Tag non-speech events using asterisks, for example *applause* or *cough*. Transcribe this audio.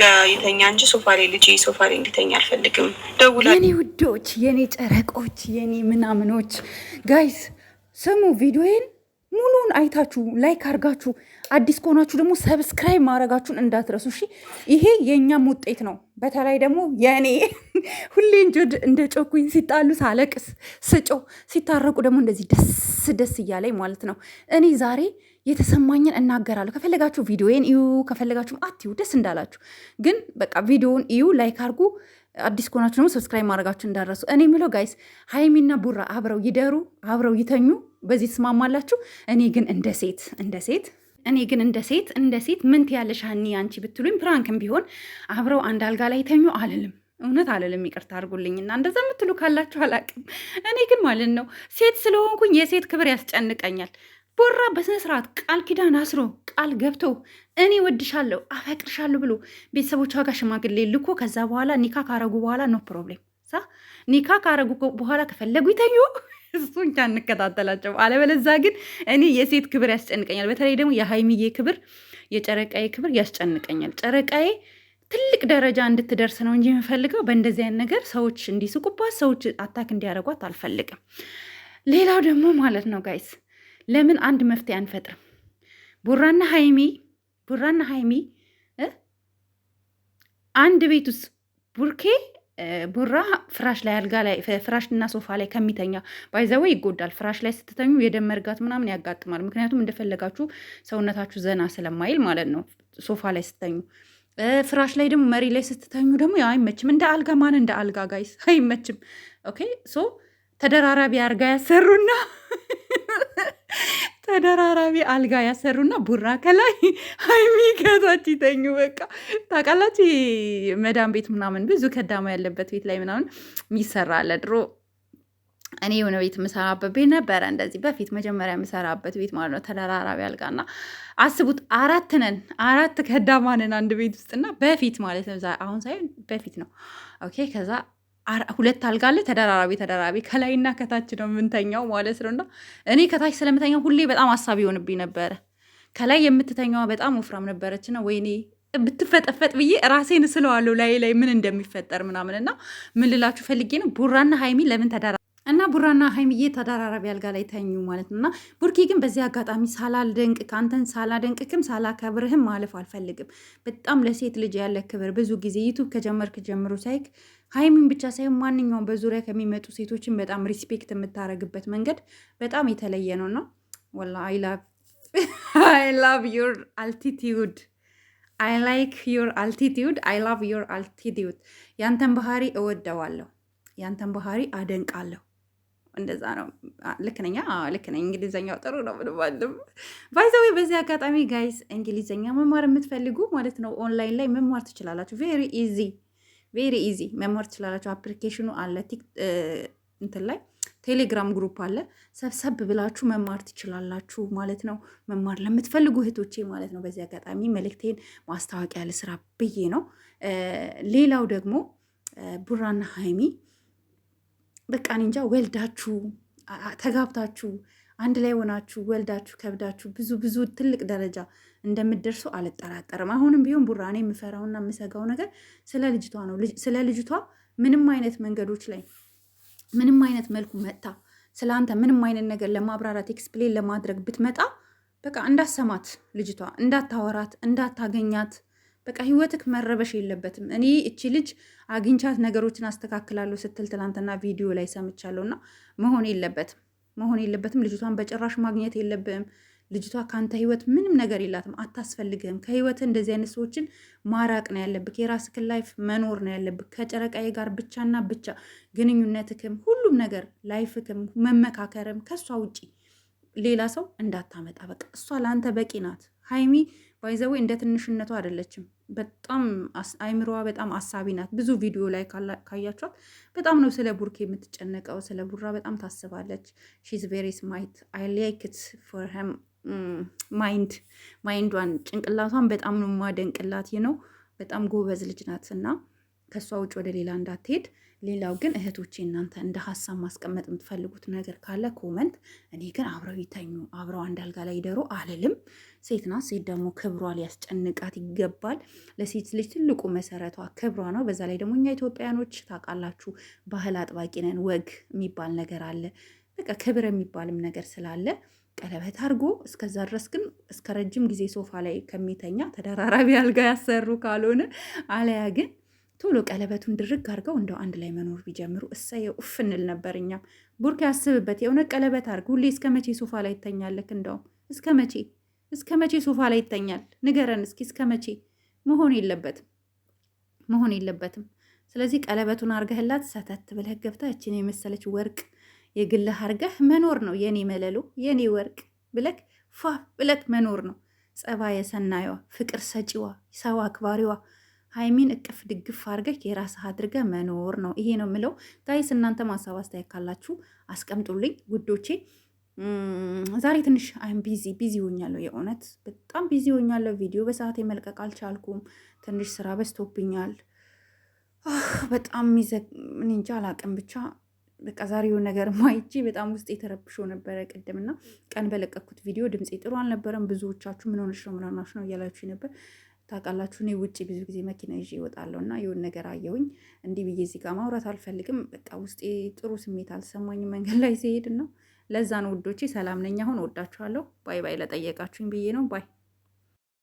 ጋ የተኛ እንጂ ሶፋ ላይ ልጅ ሶፋ ላይ እንዲተኛ አልፈልግም። ደውላ የኔ ውዶች፣ የኔ ጨረቆች፣ የኔ ምናምኖች ጋይስ ስሙ ቪዲዮዬን ሙሉን አይታችሁ ላይክ አርጋችሁ አዲስ ከሆናችሁ ደግሞ ሰብስክራይብ ማድረጋችሁን እንዳትረሱ። እሺ ይሄ የእኛም ውጤት ነው። በተለይ ደግሞ የእኔ *laughs* ሁሌ እንጆድ እንደ ጮኩኝ ሲጣሉ ሳለቅስ ስጮ ሲታረቁ ደግሞ እንደዚህ ደስ ደስ ደስ እያለኝ ማለት ነው። እኔ ዛሬ የተሰማኝን እናገራለሁ። ከፈለጋችሁ ቪዲዮዬን እዩ፣ ከፈለጋችሁም አትዩ፣ ደስ እንዳላችሁ። ግን በቃ ቪዲዮውን እዩ፣ ላይክ አድርጉ። አዲስ ከሆናችሁ ደግሞ ሰብስክራይብ ማድረጋችሁ እንዳረሱ። እኔ የምለው ጋይስ ሀይሚና ቡራ አብረው ይደሩ፣ አብረው ይተኙ። በዚህ ትስማማላችሁ። እኔ ግን እንደ ሴት እንደ ሴት እኔ ግን እንደ ሴት እንደ ሴት ምን ትያለሽ ሀኒ አንቺ ብትሉኝ፣ ፕራንክም ቢሆን አብረው አንድ አልጋ ላይ ይተኙ አልልም። እውነት አለልም ይቅርታ አድርጉልኝና እንደዛ የምትሉ ካላችሁ አላቅም። እኔ ግን ማለት ነው ሴት ስለሆንኩኝ የሴት ክብር ያስጨንቀኛል። ቦራ በስነ ስርዓት ቃል ኪዳን አስሮ ቃል ገብቶ እኔ ወድሻለሁ አፈቅርሻለሁ ብሎ ቤተሰቦቿ ጋር ሽማግሌ ልኮ ከዛ በኋላ ኒካ ካረጉ በኋላ ኖ ፕሮብሌም ሳ ኒካ ካረጉ በኋላ ከፈለጉ ይተኙ፣ እሱን እንከታተላቸው። አለበለዛ ግን እኔ የሴት ክብር ያስጨንቀኛል። በተለይ ደግሞ የሀይሚዬ ክብር፣ የጨረቃዬ ክብር ያስጨንቀኛል። ጨረቃዬ ትልቅ ደረጃ እንድትደርስ ነው እንጂ የምፈልገው በእንደዚህ አይነት ነገር ሰዎች እንዲስቁባት፣ ሰዎች አታክ እንዲያደርጓት አልፈልግም። ሌላው ደግሞ ማለት ነው ጋይስ ለምን አንድ መፍትሄ አንፈጥርም? ቡራና ሀይሚ ቡራና ሀይሚ አንድ ቤት ውስጥ ቡርኬ ቡራ ፍራሽ ላይ አልጋ ላይ ፍራሽ እና ሶፋ ላይ ከሚተኛ ባይዘወይ ይጎዳል። ፍራሽ ላይ ስትተኙ የደም መርጋት ምናምን ያጋጥማል። ምክንያቱም እንደፈለጋችሁ ሰውነታችሁ ዘና ስለማይል ማለት ነው ሶፋ ላይ ስትተኙ። ፍራሽ ላይ ደግሞ መሪ ላይ ስትተኙ ደግሞ ያው አይመችም። እንደ አልጋ ማን እንደ አልጋ ጋይስ *laughs* አይመችም። ኦኬ ሶ ተደራራቢ አልጋ ያሰሩና *laughs* ተደራራቢ አልጋ ያሰሩና ቡራ ከላይ *laughs* ሀይሚ ከታች ይተኙ። በቃ ታውቃላችሁ መዳም ቤት ምናምን ብዙ ከዳማ ያለበት ቤት ላይ ምናምን ይሰራል ድሮ እኔ የሆነ ቤት የምሰራበት ቤት ነበረ እንደዚህ በፊት መጀመሪያ የምሰራበት ቤት ማለት ነው። ተደራራቢ አልጋና አስቡት፣ አራት ነን፣ አራት ከዳማንን አንድ ቤት ውስጥና በፊት ማለት ነው። አሁን ሳይሆን በፊት ነው። ኦኬ ከዛ ሁለት አልጋ አለ ተደራራቢ ተደራራቢ ከላይና ከታች ነው የምንተኛው ማለት ነው። እና እኔ ከታች ስለምተኛው ሁሌ በጣም ሀሳብ ይሆንብኝ ነበረ። ከላይ የምትተኛዋ በጣም ወፍራም ነበረችና ወይኔ ብትፈጠፈጥ ብዬ ራሴን ስለዋለሁ ላይ ላይ ምን እንደሚፈጠር ምናምን እና ምን ልላችሁ ፈልጌ ነው ቡራና ሀይሚ ለምን ተደራ እና ቡራና ሀይምዬ ተደራራቢ አልጋ ላይ ተኙ ማለት ነውና፣ ቡርኪ ግን በዚህ አጋጣሚ ሳላልደንቅ አንተን ሳላደንቅክም ሳላከብርህም ማለፍ አልፈልግም። በጣም ለሴት ልጅ ያለ ክብር ብዙ ጊዜ ዩቱብ ከጀመርክ ጀምሮ ሳይክ ሀይሚን ብቻ ሳይሆን ማንኛውም በዙሪያ ከሚመጡ ሴቶችን በጣም ሪስፔክት የምታደርግበት መንገድ በጣም የተለየ ነውና፣ ወላ *laughs* አይ ላቭ ዩር አልቲቲዩድ አይ ላይክ ዩር አልቲቲዩድ አይ ላቭ ዩር አልቲቲዩድ። ያንተን ባህሪ እወደዋለሁ። ያንተን ባህሪ አደንቃለሁ። እንደዛ ነው። ልክ ነኝ፣ ልክ ነኝ። እንግሊዝኛው ጥሩ ነው። ምንባልም ባይዘዌ። በዚህ አጋጣሚ ጋይስ እንግሊዝኛ መማር የምትፈልጉ ማለት ነው ኦንላይን ላይ መማር ትችላላችሁ። ቬሪ ኢዚ፣ ቬሪ ኢዚ መማር ትችላላችሁ። አፕሊኬሽኑ አለ እንትን ላይ ቴሌግራም ግሩፕ አለ። ሰብሰብ ብላችሁ መማር ትችላላችሁ ማለት ነው። መማር ለምትፈልጉ እህቶቼ ማለት ነው። በዚህ አጋጣሚ መልእክቴን ማስታወቂያ ለስራ ብዬ ነው። ሌላው ደግሞ ቡራና ሀይሚ በቃ እንጃ ወልዳችሁ ተጋብታችሁ አንድ ላይ ሆናችሁ ወልዳችሁ ከብዳችሁ ብዙ ብዙ ትልቅ ደረጃ እንደምትደርሱ አልጠራጠርም። አሁንም ቢሆን ቡራ እኔ የምፈራውና የምሰጋው ነገር ስለ ልጅቷ ነው። ስለ ልጅቷ ምንም አይነት መንገዶች ላይ ምንም አይነት መልኩ መጥታ ስለ አንተ ምንም አይነት ነገር ለማብራራት ኤክስፕሌን ለማድረግ ብትመጣ በቃ እንዳሰማት ልጅቷ እንዳታወራት፣ እንዳታገኛት በቃ ህይወትክ መረበሽ የለበትም። እኔ እቺ ልጅ አግኝቻት ነገሮችን አስተካክላለሁ ስትል ትላንትና ቪዲዮ ላይ ሰምቻለሁ። እና መሆን የለበትም መሆን የለበትም። ልጅቷን በጭራሽ ማግኘት የለብም። ልጅቷ ከአንተ ህይወት ምንም ነገር የላትም፣ አታስፈልግህም። ከህይወት እንደዚህ አይነት ሰዎችን ማራቅ ነው ያለብህ። የራስህን ላይፍ መኖር ነው ያለብህ። ከጨረቃዬ ጋር ብቻና ብቻ ግንኙነትክም፣ ሁሉም ነገር ላይፍክም፣ መመካከርም ከእሷ ውጪ ሌላ ሰው እንዳታመጣ። በቃ እሷ ለአንተ በቂ ናት። ሀይሚ ባይዘዌ እንደ ትንሽነቱ አይደለችም። በጣም አይምሮዋ በጣም አሳቢ ናት። ብዙ ቪዲዮ ላይ ካያችኋት በጣም ነው ስለ ቡርኬ የምትጨነቀው። ስለ ቡራ በጣም ታስባለች። ሺዝ ቬሪ ስማይት አይ ላይክ ኢት ፎር ማይንድ ማይንዷን ጭንቅላቷን በጣም ነው ማደንቅላት ነው። በጣም ጎበዝ ልጅ ናት እና ከእሷ ውጭ ወደ ሌላ እንዳትሄድ። ሌላው ግን እህቶቼ እናንተ እንደ ሀሳብ ማስቀመጥ የምትፈልጉት ነገር ካለ ኮመንት። እኔ ግን አብረው ይተኙ አብረው አንድ አልጋ ላይ ይደሩ አልልም። ሴት ናት። ሴት ደግሞ ክብሯ ሊያስጨንቃት ይገባል። ለሴት ልጅ ትልቁ መሰረቷ ክብሯ ነው። በዛ ላይ ደግሞ እኛ ኢትዮጵያኖች ታውቃላችሁ፣ ባህል አጥባቂ ነን። ወግ የሚባል ነገር አለ። በቃ ክብር የሚባልም ነገር ስላለ ቀለበት አድርጎ እስከዛ ድረስ ግን እስከ ረጅም ጊዜ ሶፋ ላይ ከሚተኛ ተደራራቢ አልጋ ያሰሩ ካልሆነ አለያ ግን ቶሎ ቀለበቱን ድርግ አድርገው እንደው አንድ ላይ መኖር ቢጀምሩ እሰየው እፍ እንል ነበር። እኛም ቡርክ ያስብበት፣ የእውነት ቀለበት አድርግ። ሁሌ እስከ መቼ ሶፋ ላይ ይተኛለክ? እንደውም እስከ መቼ እስከ መቼ ሶፋ ላይ ይተኛል? ንገረን እስኪ እስከ መቼ? መሆን የለበትም መሆን የለበትም። ስለዚህ ቀለበቱን አርገህላት ሰተት ብለህ ገብታ እችን የመሰለች ወርቅ የግልህ አርገህ መኖር ነው የኔ መለሎ የኔ ወርቅ ብለክ ፏ ብለክ መኖር ነው። ጸባ ሰናይዋ፣ ፍቅር ሰጪዋ፣ ሰው አክባሪዋ ሀይሚን እቅፍ ድግፍ አድርገህ የራስህ አድርገህ መኖር ነው። ይሄ ነው የምለው። ጋይስ እናንተ ማሳብ አስተያየት ካላችሁ አስቀምጡልኝ ውዶቼ። ዛሬ ትንሽ አይም ቢዚ ቢዚ ሆኛለሁ። የእውነት በጣም ቢዚ ሆኛለሁ። ቪዲዮ በሰዓት መልቀቅ አልቻልኩም። ትንሽ ስራ በዝቶብኛል። በጣም ምን እንጂ አላቅም። ብቻ በቃ ዛሬውን ነገር ማይቼ በጣም ውስጥ የተረብሾ ነበረ። ቅድምና ቀን በለቀኩት ቪዲዮ ድምፄ ጥሩ አልነበረም። ብዙዎቻችሁ ምን ሆነሽ ነው ምን ሆናችሁ ነው እያላችሁ ነበር። ታውቃላችሁ፣ እኔ ውጭ ብዙ ጊዜ መኪና ይዤ እወጣለሁ እና የሆነ ነገር አየሁኝ እንዲህ ብዬ እዚህ ጋር ማውራት አልፈልግም። በቃ ውስጤ ጥሩ ስሜት አልሰማኝም መንገድ ላይ ሲሄድ ነው። ለዛ ነው ውዶቼ፣ ሰላም ነኝ። አሁን ወዳችኋለሁ። ባይ ባይ። ለጠየቃችሁኝ ብዬ ነው። ባይ